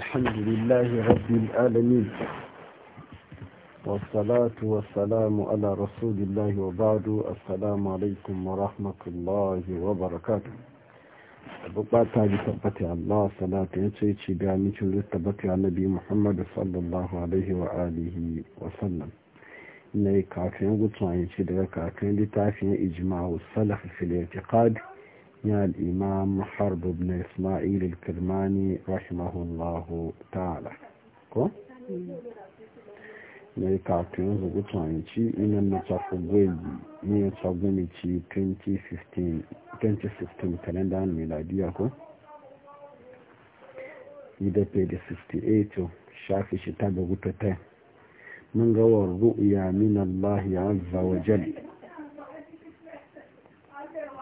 الحمد لله رب العالمين والصلاة والسلام على رسول الله وبعد السلام عليكم ورحمة الله وبركاته bukata ji tabbata Allah salatu ya ce ci da mikin zai tabbata annabi Muhammad sallallahu kafin gutsuwa ya ce daga kafin littafin ijma'u fil i'tiqad من الإمام حرب بن إسماعيل الكرماني رحمه الله تعالى كو ne kafin zugu tsanci ina na tsakogwai ne tsagwamici 2015 kalendar miladiya ko ida 68 shafi shi ta da gutata mun gawar ru'ya min Allah azza wa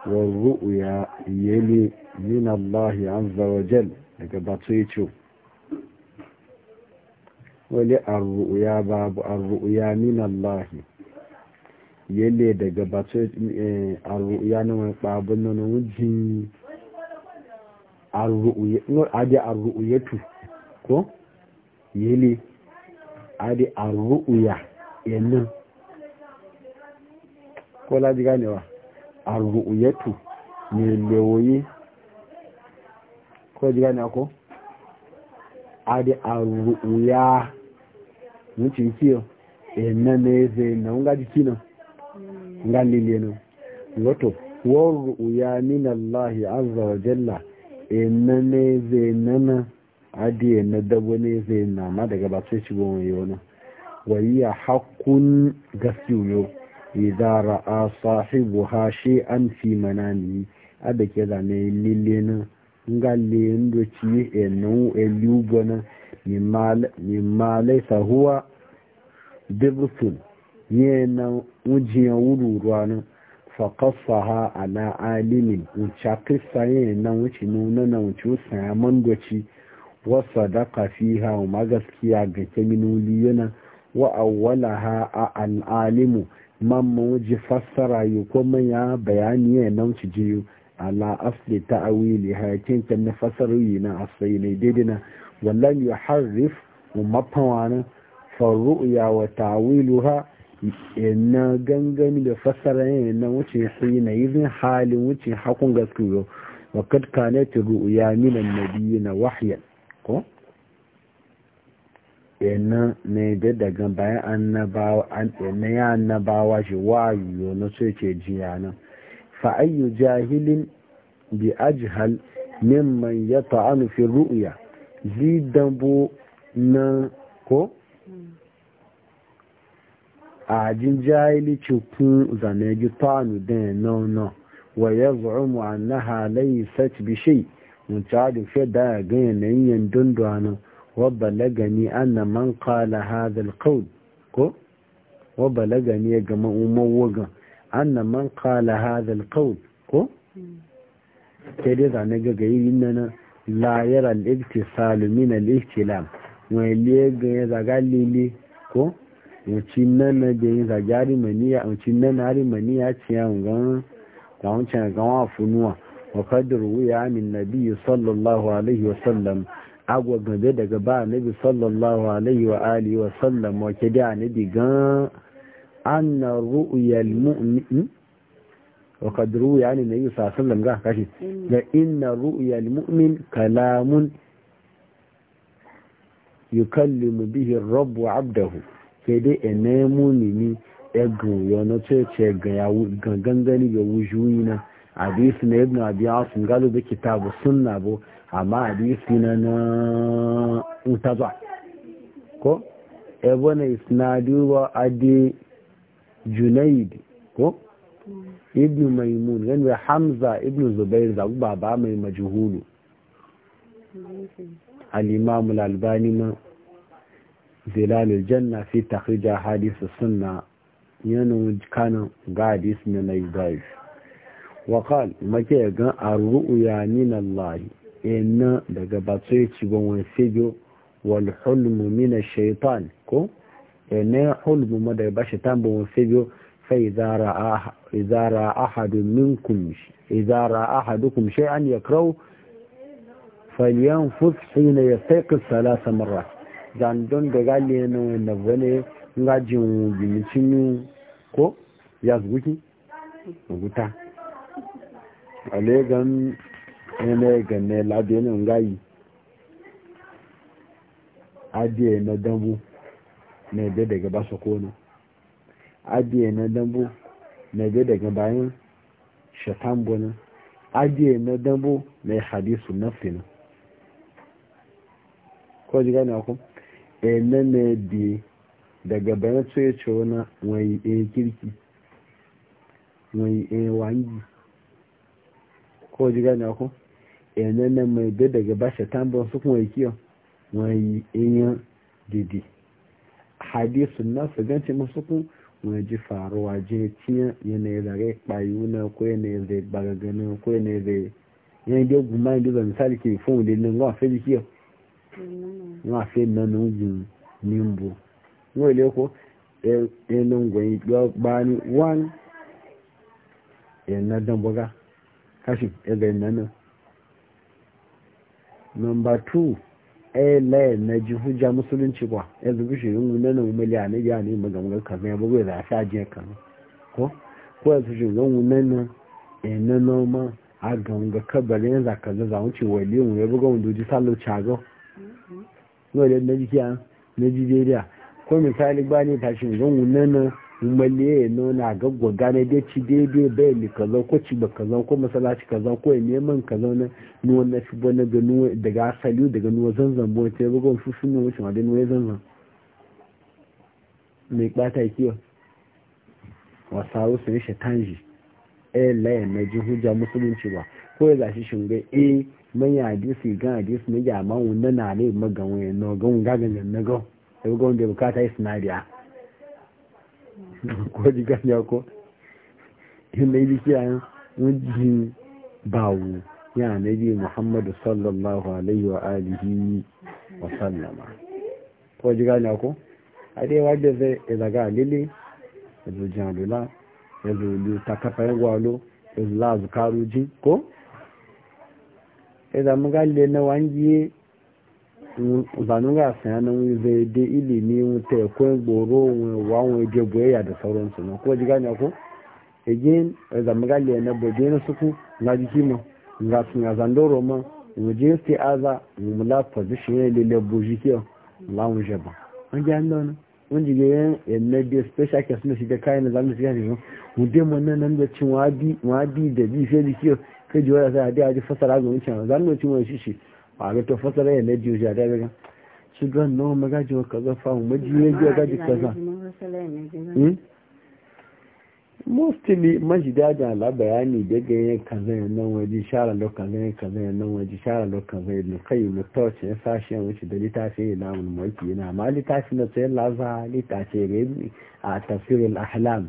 والرؤيا يلي من الله عز وجل لقبطيته ولي الرؤيا باب الرؤيا من الله yele daga bato na wani babin nan wujin adi arru'uyatu ko yele adi arru'uya yanin ko ne wa. arru'yatu ne ko ji gane ko adi arru'ya nti kiyo ina ne zai na nga dikino nan mm. nga lile nan wato warru ya Allah azza wa jalla ina ne zai nana adi e na dabo ne zai na ma daga ba sai shigo wani yau nan wayya hakkun gaskiyo idza ra'a sahibuha shay'an fi manami ada ke da ne lille na ngalle ndo ci e no e lugo na mimal mimal sa huwa dibsun yana wujiya wururuwa na faƙasaha ala alimin wuce kisa yin nan wuce nuna na wuce saman doci wasa da kafi ha ma gaskiya ga keminuli yana wa awwala a al'alimu man ji fassara yi ko manya bayani ya nan ci ji ala asli ta'awili hayakin ta na yi na asali ne daidai na wallan yu harrif mafawanin faru'ya wa ta'awiluha na gangami da fassara yi na wuce sai na yi halin wuce hakun gaskiyo wa kad kana ru'ya minan nabiyina wahyan ko kenan ne da daga bayan annabawa an ya annabawa shi wa na so ce jiya nan fa jahilin bi ajhal mimman ya ta'anu fi ru'ya zi bu na ko a jin jahili cikin zanegi ta'anu da na na wa ya zu'umu annaha laysat bi shay mun ta da fi da yin yanayin dunduwa nan wabalagani ana man kala hadhal qawl ko wabalagani ga ma'umman waga ana man kala hadhal qawl ko sai dai zane ga gayi na la yara lifti salumin alifilam wani liye ga ya zaga lili ko yanci nan da ya zaga arimaniya yanci nan arimaniya ci yawon gan gawancin gawa funuwa wakadar wuya min nabi sallallahu alaihi wasallam agwa gabe daga ba nabi sallallahu alaihi wa alihi wa sallam wa ke da nabi gan anna ru'yal mu'min wa qad ru'ya an nabi sallallahu alaihi wa sallam ga kashi da inna ru'yal mu'min kalamun yukallimu bihi ar-rabb 'abdahu ke dai ene mu'mini egun yo no ce ce gangan gani ya wujuyina hadisi na ibn abi asim galo da kitabu sunna bo amma hadisi na na mutazwa ko ebone isnadu wa adi junaid ko ibn maimun wa hamza ibn zubair zabu baba mai majhulu al-imam al-albani ma zilal al-janna fi takhrij ahadith as yana kana ga hadis na naizai wa qal make ga ar ina daga batsoyi cigon wani fijo wal hulmu mina shaitan ko ina hulmu ma daga ba shaitan ba wani fijo sai izara ahadu minkum izara ahadukum shay'an yakrau falyanfus hina yastaqis salasa marra dan don da galle na wannan bane ngajin bilicin ko ya zuki guta alegan ene gane ladeni ngayi adiye na dambu na ebe daga basa kone adiye na dambu na ebe daga bayan shatan bonin adiye na dambu na hadisu nafsina ko ji gane ku ene na bi daga bayan tsoye ce wani wani iya kirki wani iya wangi ko ji gane ku yana na mai da daga basha tambon su kuma yake wani inyan didi hadisu na su ganci musu kun wani ji faruwa je tiya yanayi zare kpayu na ko yanayi zai bagagana ko yanayi zai yanayi da guma yin duba misali ke fun wule nan wa fe jiki e, e yo? wa fe nan mbu? nimbo wani ko yanan gwayi gbani wani yana e dan buga kashin ya gani nan number two ele na ji hujja musulunci ba yanzu bishin yin na nan miliya na biya ne magamgar kaza ya bugu da sa je ko ko yanzu shi gan wunan nan e eh, noma a ganga kabarin za ka za wuce wali mu ya buga mun doji salo chago no le na ji kiya na ji dai ko misali ba ne tashi gan wunan nan maliye nuna e gaggwa gane dai ci daidai bai ni kaza ko ci ba kaza ko masalaci kaza ko ya e neman kaza na nuwa na fi bane ga nuwa daga asali daga nuwa zanzan bo e ta yabo gon fufu nuwa shi ma da nuwa zanzan mai bata kiyo wasawu sun shi tanji eh laye na ji hujja musulunci ba ko ya zashi shinge eh man ya hadisi gan hadisi ne ya ma wannan na ne magan wayan no gan gagan na gan yabo gon da bukata isnadiya ko ji gani ko inda yi kiyayen wajen bawo ya nabi muhammadu sallallahu alaihi wa alihi wa sallama ko ji ko a dai wadda zai izaga lili ya zo jalula ya zo lu ta kafa ya gwalo ya zo la ji ko na wangiye zanunga sayanin zai da ilimi wuta kun gboro wawon je boyayya da sauransu na kuma jiga ne ko again zama gali na boje na suku na jiki ma ga sun ya zandoro ma mu je aza mu la position ne le le jiki mu je ba an na special case shiga kai na shiga de nan da cin wadi da bi jiki sai a ji fasara ga cin wani shi wàhálà tó fọ́sára yẹn méjì oṣù su gan ṣùgbọ́n náà mẹ́gájì ọkọ̀ kaza fáwọn méjì méjì ọgájì kẹsàn. mostly majidada labayani daga yin kaza yin nan waje shara lo kaza yin kaza yin nan waje shara lo kaza yin kai mu tawce ya sashi yan wuce da litafi ne na mulki yana ma litafi na sai laza litafi ne a tafsirul ahlam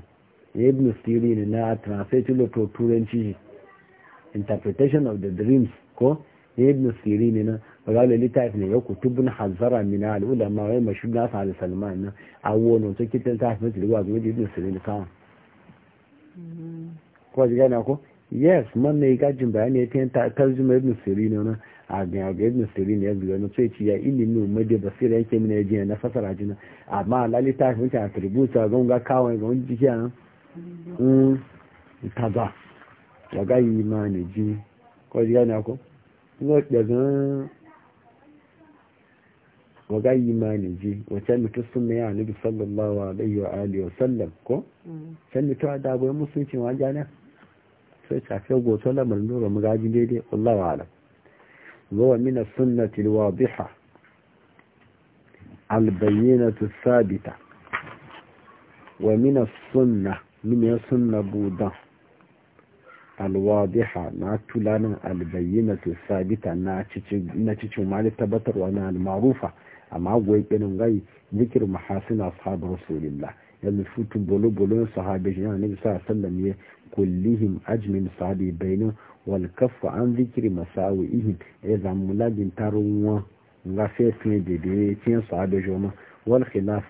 ibn sirin na translate lo to turanci interpretation of the dreams ko ya ibn siri ne nan rawalar littafi ne ya kutubun hanzara min al'ulama wai mashi na sa da salman nan awo nan ta fi mutu liwa zuwa ibn siri ne kawai mm-hmm. ko ji gana ko yes man ne gajin bayani ya tiyan ta tarjuma ibn siri ne nan a ga ibn siri ne ya zuwa na sai ci basira yake mina ya jiya na fasara jina amma lalita fi mutu a tributa ga kawai ga wani jikiya nan mm-hmm. mm, ya ga yi ma ne ji ko ji ko wọ́n pẹ̀ gan-an wọ́n gá yìí máa lè jí wọ́n tó súnmọ́ yà níbi sallallahu alaihi wa alihi wa sallam kọ́ tẹ́mi tó adábo ya musulunci wọn ajá náà sai tafiya goto lamarin nura magaji daidai wallahu alam zuwa mina sunnati wadiha albayyinatu sabita wa mina sunna min sunna budan alwadiha na tulanin albayyana su sabita na cikin mali tabbatarwa na almarufa amma goyi ɗinin gai zikir mahasina sahabu rasulillah yanzu futun bolo-bolo sahabi shi yana nabi sa sallam ya kullihim ajmin sahabi bainin wal kafa an zikiri masawi ihin ya zamu lagin tarin wa nga fesin da da ya cikin sahabi shi ma wal khilaf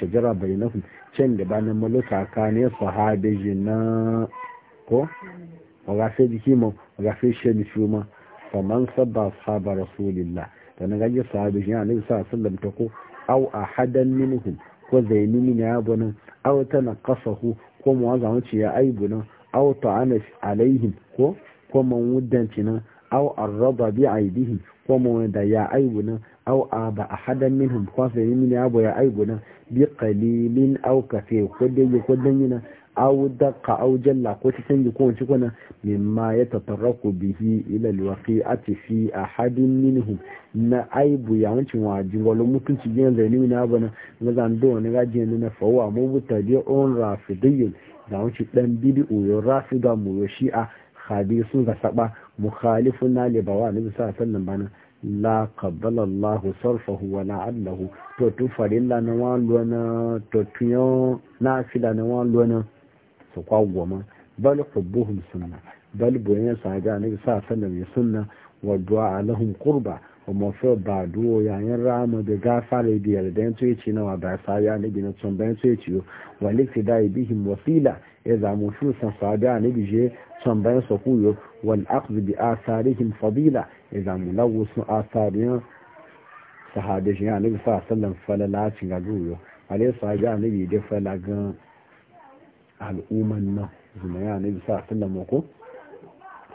shajara bainahum can da ba na maluka kane sahabi na ko waga fe jiki mo waga fe she ni fi ma fa man sabba ashaba rasulillah to na gaje sahabi shi annabi sallallahu alaihi wasallam to ko aw ahadan minhum ko zaini min ya bunan aw tanqasahu ko mu waza wuce ya aibu nan aw ta'ana alaihim ko ko man wuddan cinan aw arraba bi aibihim ko mu da ya aibu nan aw aba ahadan minhum ko zaini min ya bu ya aibu nan bi qalilin aw kafe ko dai ko dan yana aw daqqa aw jalla ko ti canji ko wani kuna mimma ya tafarraku bihi ila alwaqi'ati fi ahadin minhum na aibu ya wancin waji wala mutunci gen da ni na bana zan do ne ga gina na fawa mu butadi on rafidiyin da wancin dan bid'u yo rafida mu yo shi'a khabisun ga saba mukhalifuna li bawa nabi sallallahu alaihi bana la qabbala Allah sarfahu wa la'allahu to tu farilla na wa na to tuyo na fila na wa na su kwagwama bal hubbuhum sunna bal boyen sa ga ne sa sallam ya sunna wa du'a lahum qurba wa mafi ba duwo yayin rama da gafara da yardan to yace na ba sa ya ne bin tun ban to yace wa dai bihim wasila ya zamu su san sada ne bije tun ban sa yo wal aqd bi asarihim fadila ya mulawus lawu su athariyan sahabe shi ya ne sa sallam la cin ga duwo alai sa ga ne bi da falagan al'umman nan zumaya ne bisa sallama mako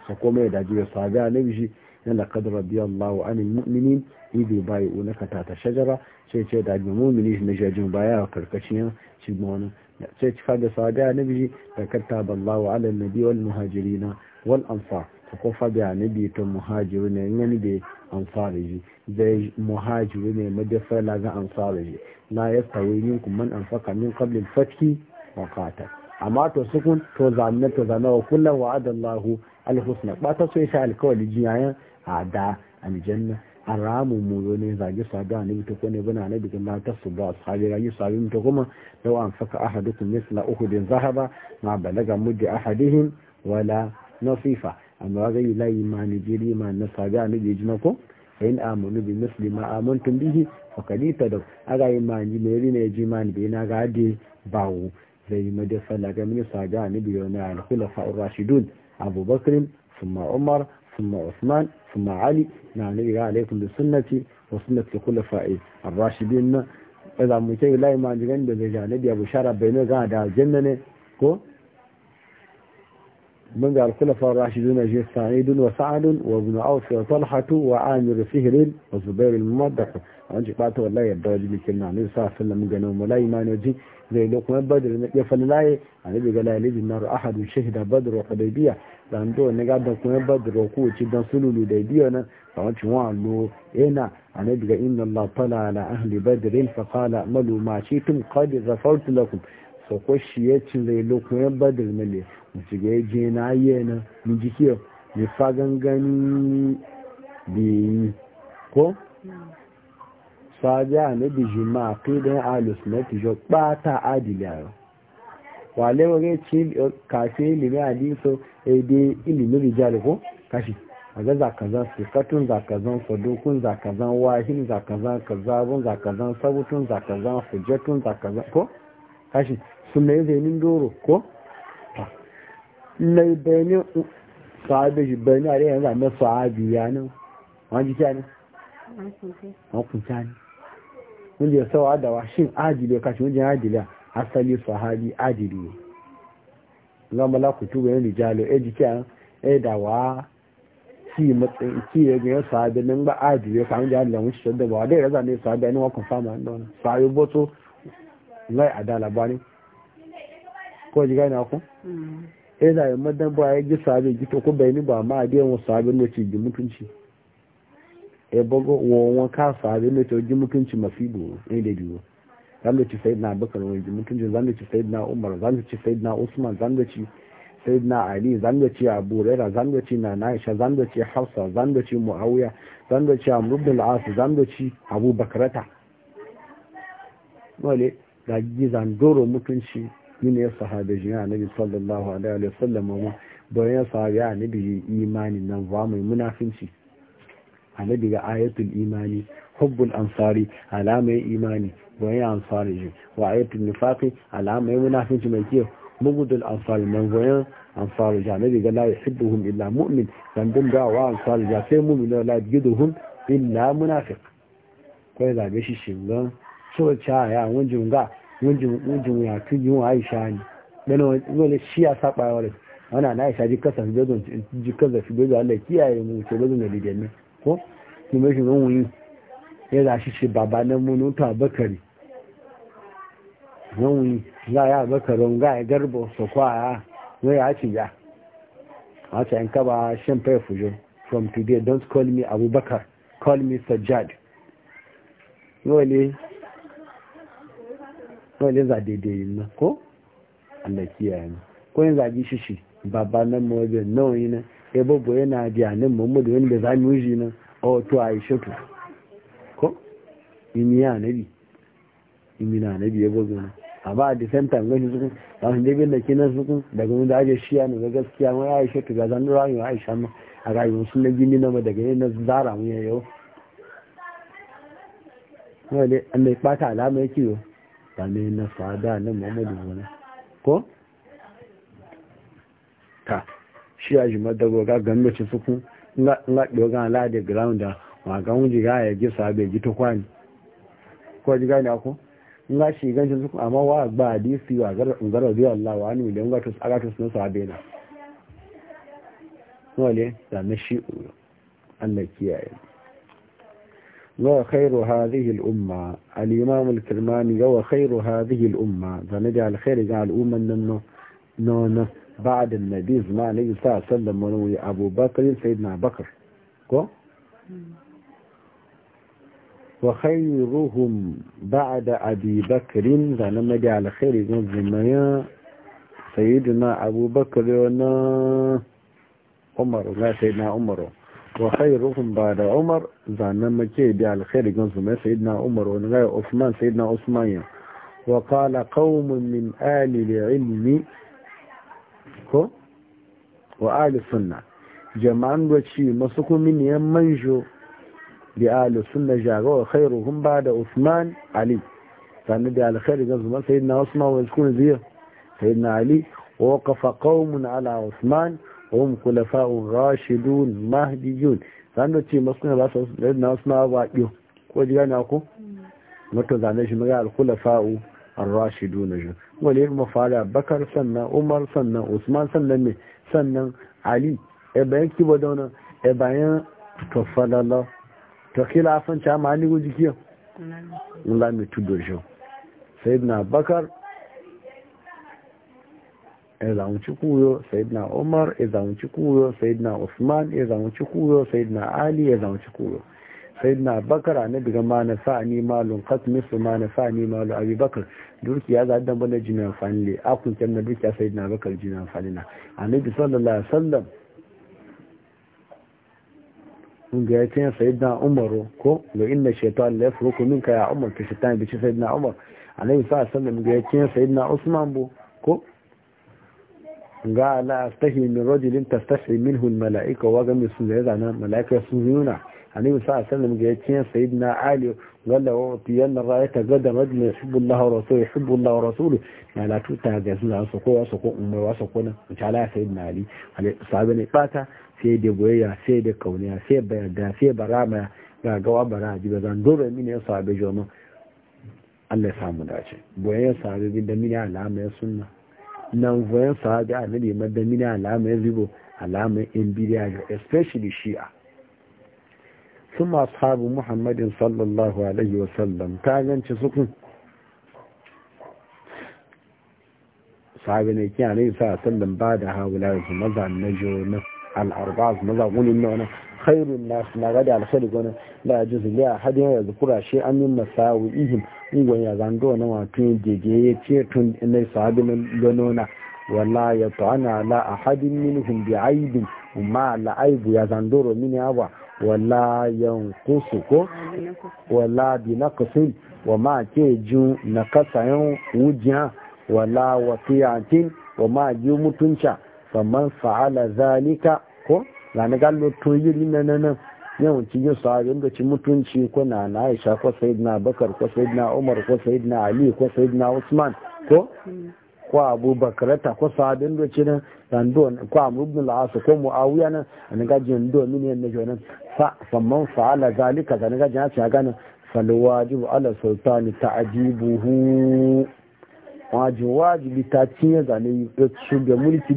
sa kome da jiya saga ne bishi na laqad radiyallahu anil mu'minin idh bai'unaka ta shajara sai ce da jiya mu'mini ne jajin baya a karkashin shi gona sai ci faga saga ne bishi da kataba Allahu ala nabi wal muhajirin wal ansar ta ko faga nabi to muhajirin ne ngani be ji zai muhajirin ne madafa la ga ansari la yastawi minkum man anfaqa min qabl al-fath wa amma to sukun to zanne to zanne wa kullum wa adallahu alhusna ba ta so sha alkawali jiyayen a da aljanna haramu mu yo ne zage sadu a nabi ko ne bana nabi ba ta su ba sabi rayu sabi mu to kuma law an faka ahadukum misla uhudin zahaba ma balaga muddi ahadihim wala nasifa amma ga yi layi ma ma na sabi a nabi jina ko in amunu bi misli ma amantum bihi fakalita da aga yi ma ne ji ma ni na ga bawo zai mada ga mini saga ni biyo na al-khulafa rashidun abubakar thumma umar thumma usman thumma ali na nabi ga alaikum bi sunnati wa sunnati al fa'i. ar-rashidun da mu kai lai ma jigan da zai ga nabi abu shara bai ne ga da janna ne ko من قال الخلفاء الراشدون جه سعيد وسعد وابن عوف وطلحة وعامر فهر والزبير الممدح وانجي قاعدة والله يبدو جبي كلنا عليه صلى الله عليه وسلم قالوا ملاي ما نجي زي لقمة بدر يفل لاي عليه بقى لا يلد النار أحد شهد بدر وحديبية لأن دو نقعد لقمة بدر وقوة جدا سلول وديبية فانجي وعلو هنا عليه بقى إن الله طلع على أهل بدر فقال اعملوا ما شئتم قد غفرت لكم so ko ya ci zai ya badar male mu ci ga je na yi na mu ji kiyo mu fa gangan bi ko saja ne bi jima aqidan alus na ti jo pata adila wa le wo ge ci ka ilimin adiso ga di so e de ko kashi ga zakazan sikatun zakazan sadokun zakazan wahin zakazan kazabun zakazan sabutun zakazan hujjatun zakazan ko kashi su mai zainin doro ko ah. mai bayani uh, sahabi shi bayani a yanzu a na sahabi ya nan wani jikiya ne ne ya sawa da adili kashi wajen adili asali sahabi adili ne zama eh ya jikiya ya eh da wa matsayin ki ya sahabi nan ba adili ya jihar da da ba wa dai raza ne sahabi ya ni wakon fama da wani sahabi boto lai a da labari ko ji gani ku eh da yamma dan ba ya ji sabe ji to ko bai ni ba ma a biyan mu sabe ne ci mutunci eh bago wawan ka sabe ne to ji mutunci masibo eh da biyu zan da ci na bakar wani ji mutunci zan da ci na umar zan da ci na usman zan da ci na ali zan da ci abu rera zan da ci na naisha zan da ci hausa zan da ci muawiya zan da ci amr la'asu zan da ci abu bakarata dole da gizan doro mutunci yana ya sahabe shi ya nabi sallallahu alaihi wa sallam mu bayan ya sahabe ya nabi imani nan ba mai munafinci nabi ga ayatul imani hubbul ansari alamai imani bayan ansari shi wa ayatul nifaqi alamai munafinci mai kiyo mugudul ansari nan bayan ansari shi nabi ga la yuhibbuhum illa mu'min dan dun ga wa ansari ja sai mu'min la yuhibbuhum illa munafiq kai zabe shi shingan so cha ya wanjin ga wujin ya tujin wa aisha ne dan wani shi ya saba ya wani wana na aisha jikar sa fiye zon jikar sa fiye zon Allah kiyaye mu ce bazon da lidan ko ki mai shi zon wuyi ya za shi baba nan mu nuta bakari zon wuyi za ya bakarin ga ya garba su kwaya zai ya ci ya a ce yanka ba shan fai fujo from today don't call me abubakar call me sajjad yau ne wani da daidai na ko Allah kiyaye mu ko yin shi shi babba nan mu wajen nawa yi na ya babba yana biyanin nan da wanda za mu yi na a wato a yi shato ko yin yi anabi yin yi anabi ya babu na a ba a the same time gani suku ba su bin da kinan suku daga wanda aje shiya ne ga gaskiya wani aisha to ga zan dora yi aisha ma a rayuwar sun na gini na ma daga yin na zara mu ya yau wani an da ya bata alama yake yau sami na sada na muhammadu wani ko? ta shi a jima da goga ci sukun nga ɗoga ala da grounda ma ga wuji ga ya gisa bai ji ta kwani ko ji gani ako nga shi ganci sukun amma wa ba hadisi wa garar zuwa Allah wa ni da nga tus aga tus na sabe na wale da na shi Allah kiyaye وخير هذه الأمة الإمام الكرماني وخير هذه الأمة فنجع خير جعل أمة أنه نون بعد النبي صلى الله عليه وسلم ونوي أبو بكر سيدنا بكر كو وخيرهم بعد أبي بكر فنما جعل خير جعل سيدنا أبو بكر ونا عمر لا سيدنا عمر wa khairuhum ba'da umar zanen make bi alkhairi gan su mai sayyidina umar wa ga usman sayyidina usman ya wa qala qaumun min ali ilmi ko wa ali sunna jama'an da ci masu kuma niyan manjo bi ali sunna jaga wa khairuhum ba'da usman ali Zanen da alkhairi gan su mai sayyidina usman wa zikun ziya sayyidina ali Wa ووقف قوم على عثمان hum khulafa'ur rashidun mahdiyun zan ce masu ba su na suna waƙiyo ko ji gane ko mutu zane shi maga al-khulafa'u ar-rashidun shi wani mu fara bakar sannan umar sannan usman sannan me sannan ali e bayan kibo da wannan e bayan to falala to khilafan cha ma ni guji kiyo Allah mi tudo shi sayyidina bakar ya zamunci kuyo sayidina umar ya zamunci kuyo sayidina usman ya zamunci kuyo sayidina ali ya zamunci kuyo sayidina bakar annabi ga ma na sa'ani ni malun qasmi su ma na sa'ani ni malu abi bakar dukiya za dan bana jina amfani le akun kan na dukiya sayidina bakar jina amfani na annabi sallallahu alaihi wasallam inda ya ce sayidina umar ko ga inna shaytan la yafruku minka ya umar ta shaytan bi sayidina umar a annabi sallallahu alaihi wasallam ga ya ce sayidina usman bu ko ga la astahi min rajulin tastahi minhu al mala'ika wa ga misu da yana mala'ika sun yuna annabi sa sallam ga yace sayyidina ali walla wa tiyan ra'ayta gadan rajulin yuhibbu Allah wa rasuluhu yuhibbu Allah wa rasuluhu malatu ta ga sun so ko wasu ko umma wa so ko na inshallah sayyidina ali sahabi ne fata sai da goyayya sai da kauniya sai da bayarda sai barama ga gawa bara ji ba zan dole min ya sahabi jama'a Allah ya samu dace boyayya sahabi da mini alama ya sunna nan voyan sahabi annabi madamini alamai zibo alamai yan bidiya ga especially shi'a sun ashabu muhammadin sallallahu alaihi wasallam ta ganci sukun sahabi ne kiyan alaihi sallam ba da hawula su maza na jona al'arba su maza gunin na wani khairun nasu na gada alkhairu gona da jizu hadin ya zukura shi yi masawu ihim ungon ya zango na watun jege ya ce tun inai sahabi na lonona wala ya ta'ana la ahadin minhum bi aibin ma la aibu ya zandoro mini wala yankusu ko wala bi naqsin wa ma ke ju wujiya wala waqi'atin wa ma ji mutunca faman fa'ala zalika ko zani to yiri yawan cikin sahabin da ci mutunci ko na aisha ko sayidina bakar ko sayidina umar ko sayidina ali ko sayidina usman ko ko abubakar ta ko sahabin da ci nan ko amru ko mu'awuya nan a ga gajin yan fa zalika da ya ala sultani ta'jibuhu wajibi ta cinye zane su da mulki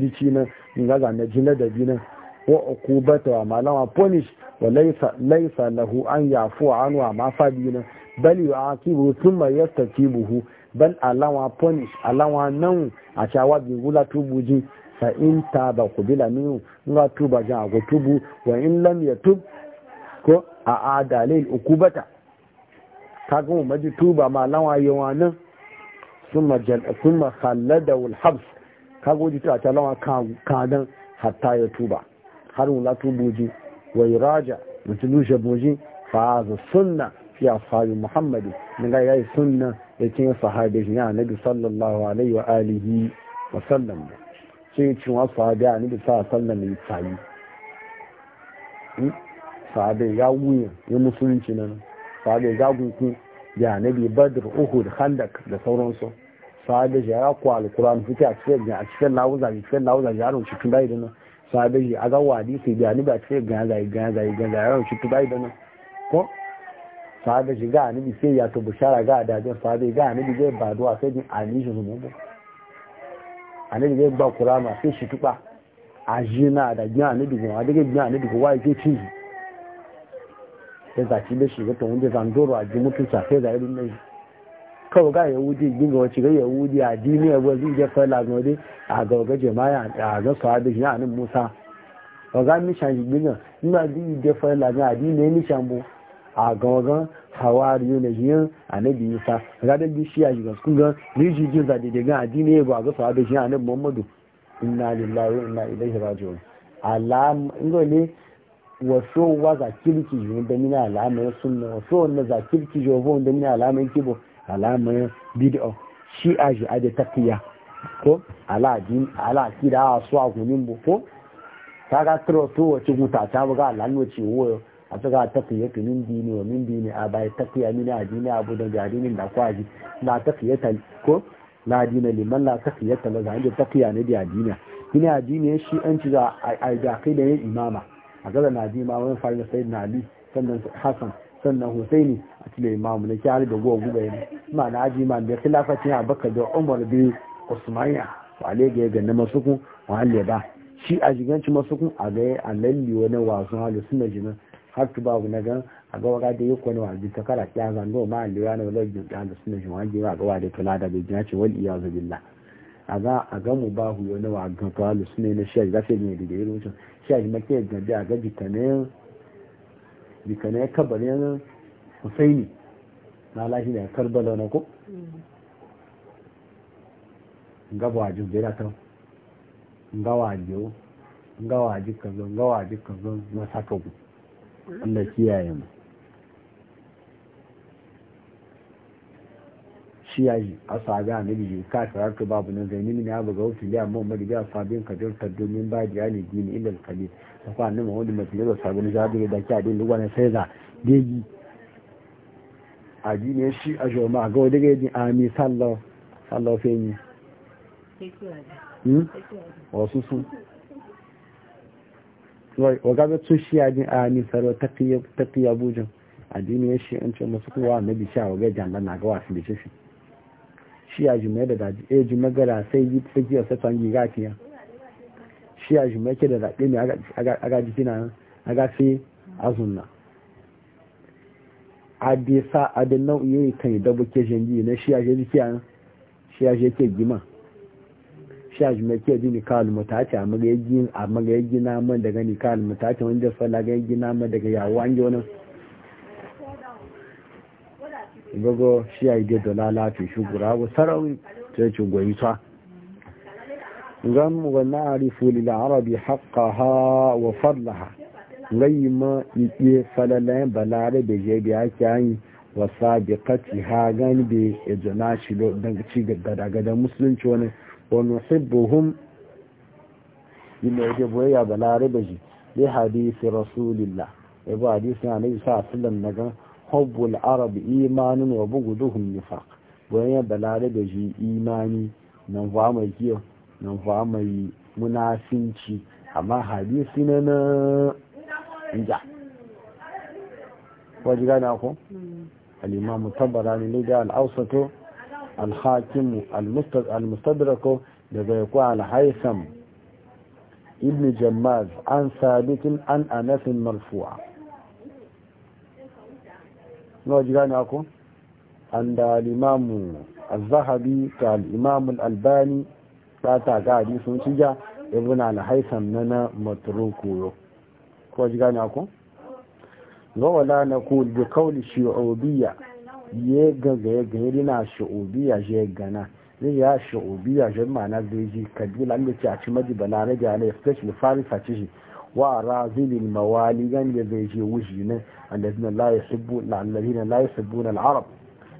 وعقوبته ما لما بونش وليس ليس له أن يعفو عنه ما فدينا بل يعاقبه ثم يستتيبه بل ألوى بونش ألوى نو أشعوى بيقول توبوجي فإن تاب قبل منه لا توب جاء توبو وإن لم يتوب ko a adalil ukubata ka mu maji tuba ma lawa yawa nan jal summa khallada wal habs kaga wuji ta lawa ka kadan hatta ya tuba har wula tu buji wa iraja mutulu shi buji fa za sunna fi asali muhammadi min ga yayi sunna ya cin sahabi shi ya nabi sallallahu alaihi wa alihi wa sallam sai cin wa sahabi a nabi sa alaihi wa sallam hmm? sahabi ya wuya ya musulunci nan sahabi ya gunku ya nabi badr uhud khandak da sauransu sahabi ya kwa alquran fita a cikin a cikin lawuza cikin lawuza ya ron cikin bayyana da sahabai a ga wadi su biya ni ba ce gaza gaza gaza yawan shi tuba idan ko sahabai shi ga ni sai ya to bushara ga adajin sahabai ga ni zai ba duwa sai din alishin su mugu anabi zai ba kurama sai shi tuba a jina da kawai ga yahudi ginga wacce ga yahudi a dini ba zai je fara lagnode a ga ga jama'a a ga da shi anan musa wa ga mi shan ginga ina zai je fara lagnode a dini nishan bu a ga ga hawari ne yin annabi isa ga da bi shi a ga kun ga ni ji ji za da ga dini ya ga sahabi shi anan muhammadu inna lillahi wa inna ilaihi raji'un alam ne wasu wa za kirki jini da mina alamar sunna wasu wanda za kirki jovo da mina alamar kibo alamun bidiyo shi a shi a da tafiya ko alaki da a su a gunin bu ko ta ga turo to wace guta ta buga alanuwa ce woyo a suka takiya ta min dini wa min dini a bai takiya min a dini abu da jarimin da kwaji na tafiya ta ko na dina liman na tafiya ta laza inda takiya ne da adina ina adini shi an ci da a da kai da yin imama a gaza na dima wani farin sai na ali sannan hassan sannan husaini a cikin imamu na kyari da gowa guga yana ma na aji ma da khilafati ya baka da umar bi usmaniya wa ale ga ga na masukun wa halle ba shi a jiganci masukun a ga a lalli wani wasu hali suna jina har tu babu na gan a ga waga da yako ne wa ji ta kara kya zango ma halle ya na lalli da halu suna jina wa ji wa ga wa da tula da bai jina ce wal iyazu billah a ga a ga mu ba hu wani wa ga to halu suna na shi ga sai ne da irin shi a ji make ga da ne bikana ya kabar yana husaini na lashi ne a karbala na ko nga zai ratan nga wajen nga wajen kazon nga wajen kazon na saka ku kiyaye mu ciyayi a sabi annabi ji ka tararta babu nan zaini min ya buga wuce liya mu mari biya sabin kadir domin ba ji ani dini inda kalil ta fa annabi wani mutum da sabin jabi da ki adin lugwa na sai da deji aji ne shi a joma ga wani ga din ami sallo sallo fe ni hmm? wasu su waga ga tun shi ajin ami sallo taqiya taqiya bujin aji ne shi an ce musu kuwa annabi sha waga jangana ga wasu da shi shiya a jume da daji e jume gara sai yi tsaki a sassan giga tiya shi a jume ke da zaɓe mai aga jiki na aga fi zunna a bi sa a bi nau'i kan yi dabu ke jengi na shiya a je shiya a shi a je ke gima shiya a jume ke ji ni kawo ce a magayi gina man daga ni kawo ce wanda fala ga gina man daga yawon wani gogo shi ya yi da dalala fi shugura wa sarari ta ce goyi gan gam wa na'arifu lil arabi ha wa fadlaha gai ma ike falalayen balare da je biya ki an wa sabiqati ha gani be ejona shi lo dan ci gada gada musulunci wani wa nuhibbuhum inda yake boyayya balare da shi bi hadisi rasulillah ibu hadisi na nabi sa alaihi wasallam na hubbul arab imanin wa buguduhum nifaq wani balare da shi imani nan fa mai kiyo nan fa mai munafinci amma hadisi ne na ja wajen gane ku al-imam tabarani ne da al alhakimu al-mustadrako da bai ku al-haisam ibn jammaz an sabitin an anas marfu'a na ji gane ku an da uh, limamu al-zahabi ta al-imam al-albani ta ta ga hadisun shiga ibn al-haisam na na matruku ko ji gane ku wala na ku bi kauli shi'ubiyya ye gaga ye ga yana shi'ubiyya je gana zai ya shi'ubiyya je ma'ana zai ji kabila ne ce a ci madi balarabe ne especially farisa ci shi wa razilil mawali gan da zai je wuji ne allazina la yuhibbu allazina la yuhibbuna al-arab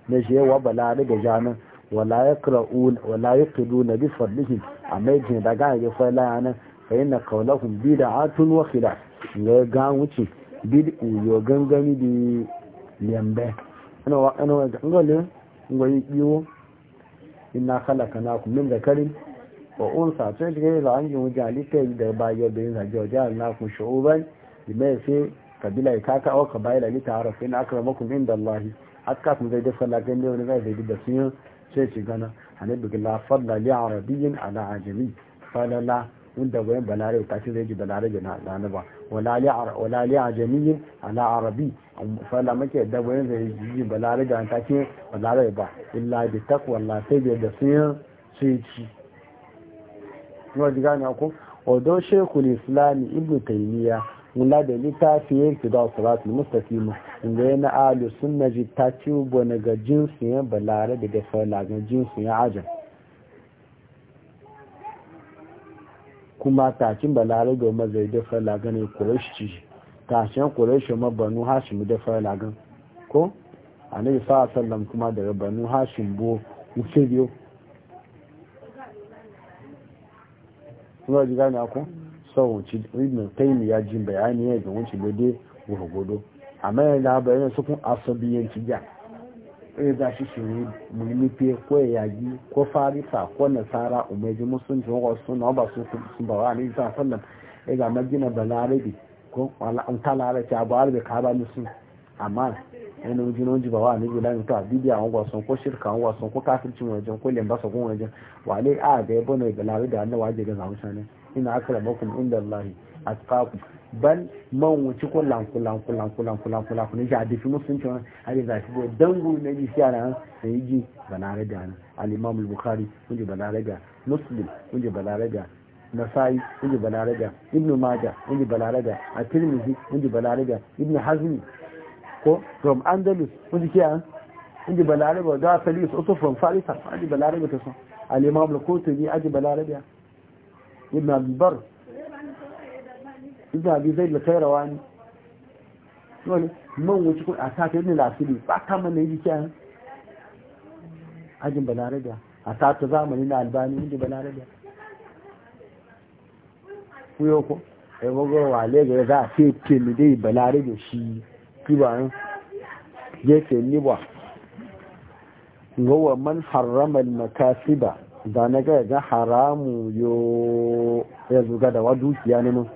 ne je wa bala daga janan wala yaqra'un wala yaqiduna bi fadlihi amma jin daga ya fa la yana fa inna qawlahum bid'atun wa khilaf ne ga wuce bid'u yo gangani bi yambe ana wa ana wa ngole ngoyi biwo inna khalaqnakum min dhakarin wa unsa to shi da an yi jalita da ba ya bayin haji wa ja'al nakum shu'uban bima sai kabila ka ka wa kabaila li ta'arafu inda Allah zai da sallah ne wani zai zai da sun sai shi gana annabi billah fadla li arabiyyin ala ajami falala wanda goyen balare ta ce zai ji balare ga na ba wala li arabi fala make da goyen zai ta ce balare ba illa bi da sun sai wọ́n ti gane ku ọ̀dọ́ shekul islam ibn taymiya mula da litafi ya fi dawo salatu mustaqima inda yana alu sunna ji ta ci ubo na ga jinsu ya balare da dafa lagan jinsu ya aja kuma ta cin balare ga mazai dafa lagan ya kurashci tashen kurashci mabanu hashim dafa lagan ko annabi sallallahu alaihi wasallam kuma daga banu hashim bo mu biyu. kuma ji gane ako sauwanci ibn taimi ya ji bayani ya ga wuce daidai gurgudu amma yana da bayanin su kun asabiyanci ya ɗaya e, a shi shi mulmife ko yagi ko farisa ko nasara umarji musulunci wasu suna ba su sun ba wa sa sannan ya e, ga magina ko an ta ka ba musu amma ẹni ojú ní oúnjẹ wa níbi láàrin tó àbíbí àwọn wàsàn kó ṣìrìkà àwọn wàsàn kó káfíńtì wọn jẹun ko lanku lanku lanku lanku lanku lanku ne a dafi musulunci a hadin zafi bai dangu na ji siya na da yi ji balaraga ne al-imam al-bukhari kunje balaraga muslim kunje balaraga nasa'i kunje balaraga ibnu maja kunje balaraga at-tirmidhi kunje balaraga ibnu hazmi ko from andalus wani ke an inji balarabe da asali is also from farisa aji balarabe ta son al lokoto ne qurtubi aji balarabe ibn abdulbar ibn abi zaid da qayrawani wani man wuce kun atata ibn al lafili ba ta mana yi ke an ajin balarabe atata zamani na albani inji balarabe kuyo ko ai gogo wale za a ce ke mu dai balarabe shi kibarin gefe eh? liwa gowa man haramar makasiba da na gaya ga haramu yo ya zuga da wa dukiya ne mun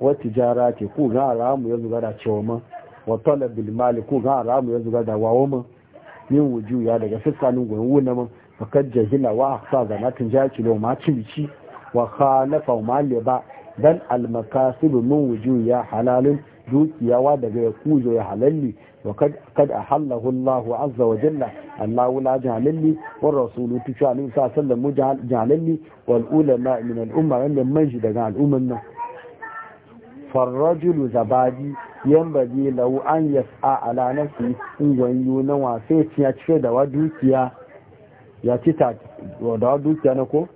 wa tijara ce ku ga haramu ya zuga da cewa mun wa talabil mali ku ga haramu ya zuga da wawo ma yin wuju ya daga fiskanin gurin wuna mun fakar jahila wa aksa ga natin jaki lo ma cibici wa khalafa ma ba dan al makasibu min wuju ya halalin dukiya wa daga ya kuzo ya halalli wa kad ahallahu Allahu azza wa jalla Allah la jahalalli wa rasulu tu sha alaihi sallam mu jahalalli wal ulama min al umma wanda manji daga umma nan farrajulu zabadi yambaji lahu an yas'a ala nafsi in wayu na wa sai ya cike da wa dukiya ya ci ta da dukiya na ko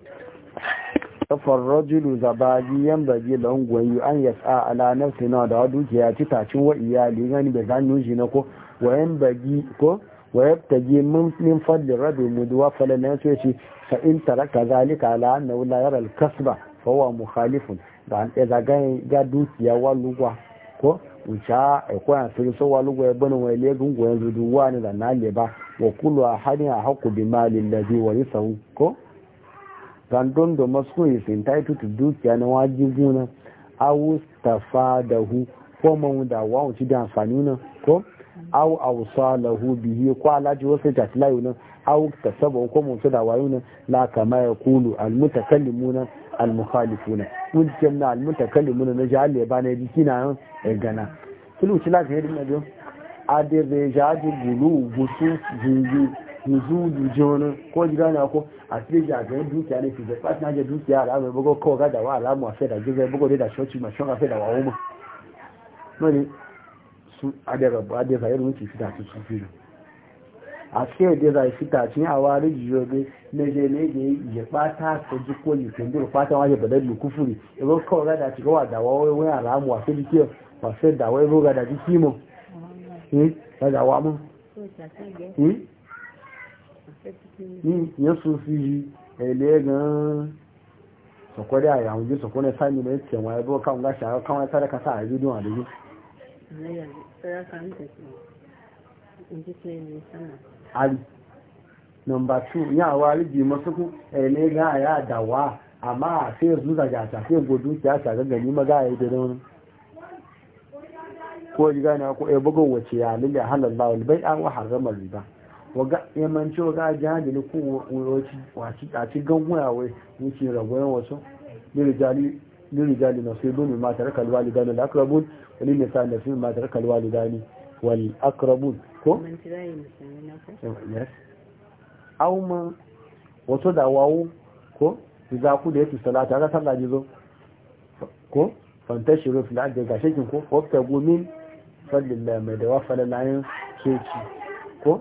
rajulu zabagi yan bagi da an sa ala nafsi na da dukiya ci tacin wa iyali gani da zannu shi na ko wayan bagi ko wayabtaji min fadli rabbi mudwa fala na sai shi fa in taraka zalika ala annahu la yara al-kasba fa huwa mukhalifun da an ga ga dukiya lugwa ko wuca a koyan sun so walugwa ya bani wai legun yanzu duwa ne da na leba wa kullu ahadin a bi malin ladhi warisahu ko random da yi is entitled to dukiya na wajibu na awu tafa da hu ko man da wawon ci da amfani na ko awu awusa lahu bihi ko alaji wasu ta tilayu na awu ta saba ko mun da wayo na la kama ya kulu al mutakallimuna al mukhalifuna mun ce na al mutakallimuna na jahili ba na jiki na yan gana kulu ci la ka hedin na jo ade gulu busu jinji wujudu jona ko jira na ko a cikin dukiya ne fi zai fatin hajjar dukiya da amur bugo kowa gada wa alamu a feda gizai bugo da shoci ma shon a wa umar mani su adara ba da zai rumunci fita su su filo a cikin da zai fita cin a wari jiyobe na je ne e da ya bata ko ji ko yi kan duru fatan waje ba da kufuri ko kowa gada ci kowa da wa wani alamu e a fedi kiyo ba feda wai buga da jikimo eh daga wa e ya sufi ji ele gan sokori a yawon ji sokori sami na yake wa yabo kan gashi a kan wata sa a yi ali number 2 ya wa rigi masu ku ele gan a ya dawa amma a sai zuza ga ta sai godu ta ta ga gani maga yi da don ko ji gane ya lillahi waga yamanci waga jihadi ne ko wuroci a ci ganguwa wai yake ragoyen wasu jali na sai domin matar kalwali gani da akrabun wani sa da fi matar kalwali gani wani akrabun ko? yes auma wasu da wawo ko za ku da yake salata ga sallah jizo ko fanta shirin fil adda ga shekin ko wafta gumin fadlillah mai da wafa da layin keci ko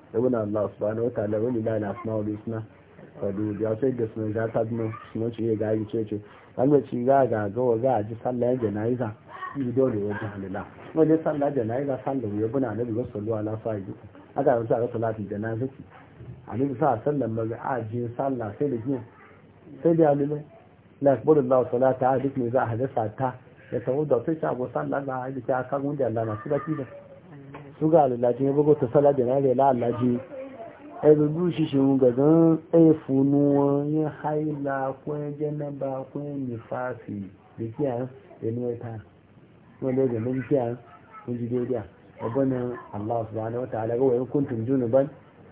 ibn Allah subhanahu wata ta'ala wani da na asma wa bisna kwado da wata da suna ga ta dun suna ce ga yi cece wanda ci ga ga ga wa a ji yi dole ya ji halila wanda sallar ya buna yi sallar salatin janaiza ki sa a ji sallah sai da jiya sai da halila la yakbulu Allah salata a duk ne za a hadasa ta ya da sai ta go sallah da aka gunda Allah masu baki da suga alulaji ya bugo ta sala da nare la alaji ẹlùlú ṣiṣẹ́ ohun gẹ̀gán ẹ̀fọ́nú wọn yẹn haila kún ẹjẹ́ nọ́mbà kún ẹ̀mí fáàfì lèkí à ẹnu ẹ̀ta wọn lẹ́gbẹ̀ lórí kí à ń jí lórí à ẹgbọ́n ní Allah subhanahu wa ta'ala gọ́wọ́ yẹn kún tùm jùnú bán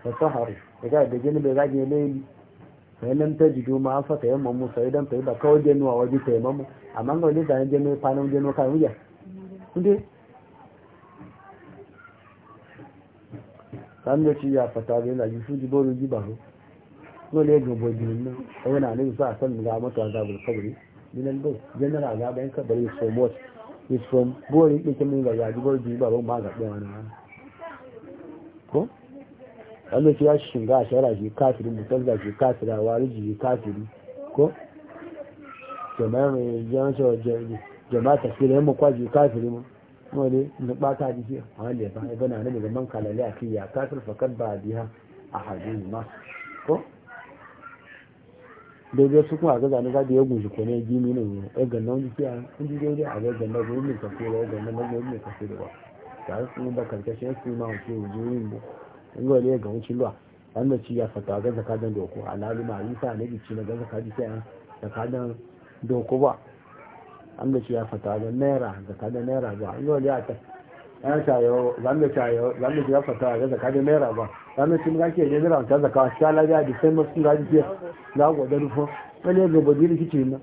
ẹ̀tọ́ hàrù ẹ̀ka ìdẹ́jẹ́ níbẹ̀ rájì ẹlẹ́yìn ẹ̀ lẹ́m tẹ́ jùdú máa ń fọ́tẹ̀ ẹ̀mọ́ mu sọ ẹ̀dán pẹ̀lú bàkọ́ jẹ́nu sandoci ya fata na yusu ya jinin nan a yana nan sa san ga mata azabul kabri dinan bo general ga bayan kabari is from is from bori din kin ga ya ma ga ko ya a shara da kafira kafiri ko jama'a mai jama'a da kwaji wani bata jiki a ne ba ga na ne man kalale a kafir fakar ba biya a hajjin ma ko daidai su kuma a gaza na zaɓi ya gushi kone gini ne ya ganna wani kiya in ji daidai a ga ganna gurin mai kafe da ya ganna na gurin mai kafe da ba tare su ba karkashin su ma wuce wujurin mu in ga wani ya ga wuce luwa an da ci ya fata ga zakadan doko alali a yi sa na bici na ga zakadan doko ba an da shi ya fata da naira da ka da naira ba an yau ya ta ya shayo zan da shayo zan da shi ya fata da ka da naira ba zan da shi mun kake da naira ta zaka shi ala da di sai musu ga ji na go da rufo ne ga bodi rikici na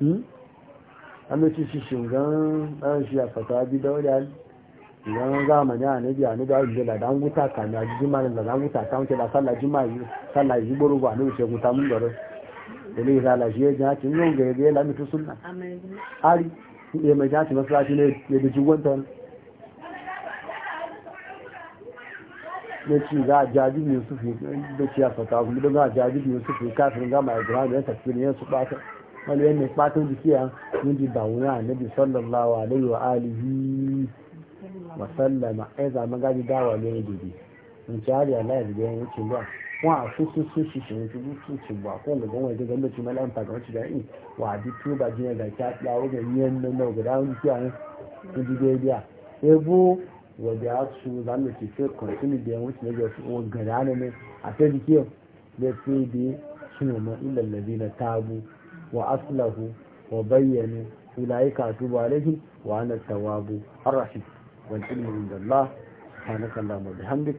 hmm an da shi shi shingan an shi ya fata bi da wani idan zamani a nabi a nabi ayyuka da dan guta kan ya jima da dan guta kan ke da sallah jima sallah yi boro ba ne ce guta mun garo ilai zalashi ya jihar cin yau ga yaga ya lamitu ce a jaji ne su fi da ce ya fata kuma da za a jaji ne su fi kafin gama ya jihar da wani jiki a yin ba wuna a alaihi gaji dawa ne dubi in ci hari wọn a fún fún fún su fún ba ko ga gonwa ga gamba ci mala amfani wacce da yi wa bi tu ba jiya da ta da wa ga yin nan nan guda wani kiya ne ku ji dai biya ebo wa da su zan da sai continue da wuce ne ga su wa gada ne ne a ta ji kiyo da sai bi shine ma illa allazina tabu wa aslahu wa bayyanu ulaika tubu alaihim wa ana tawabu ar-rahim wal ilmu inda Allah سبحانك اللهم وبحمدك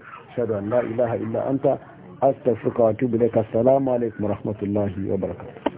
astaghfiruka wa atubu ilaik salamu alaikum wa rahmatullahi wa barakatuh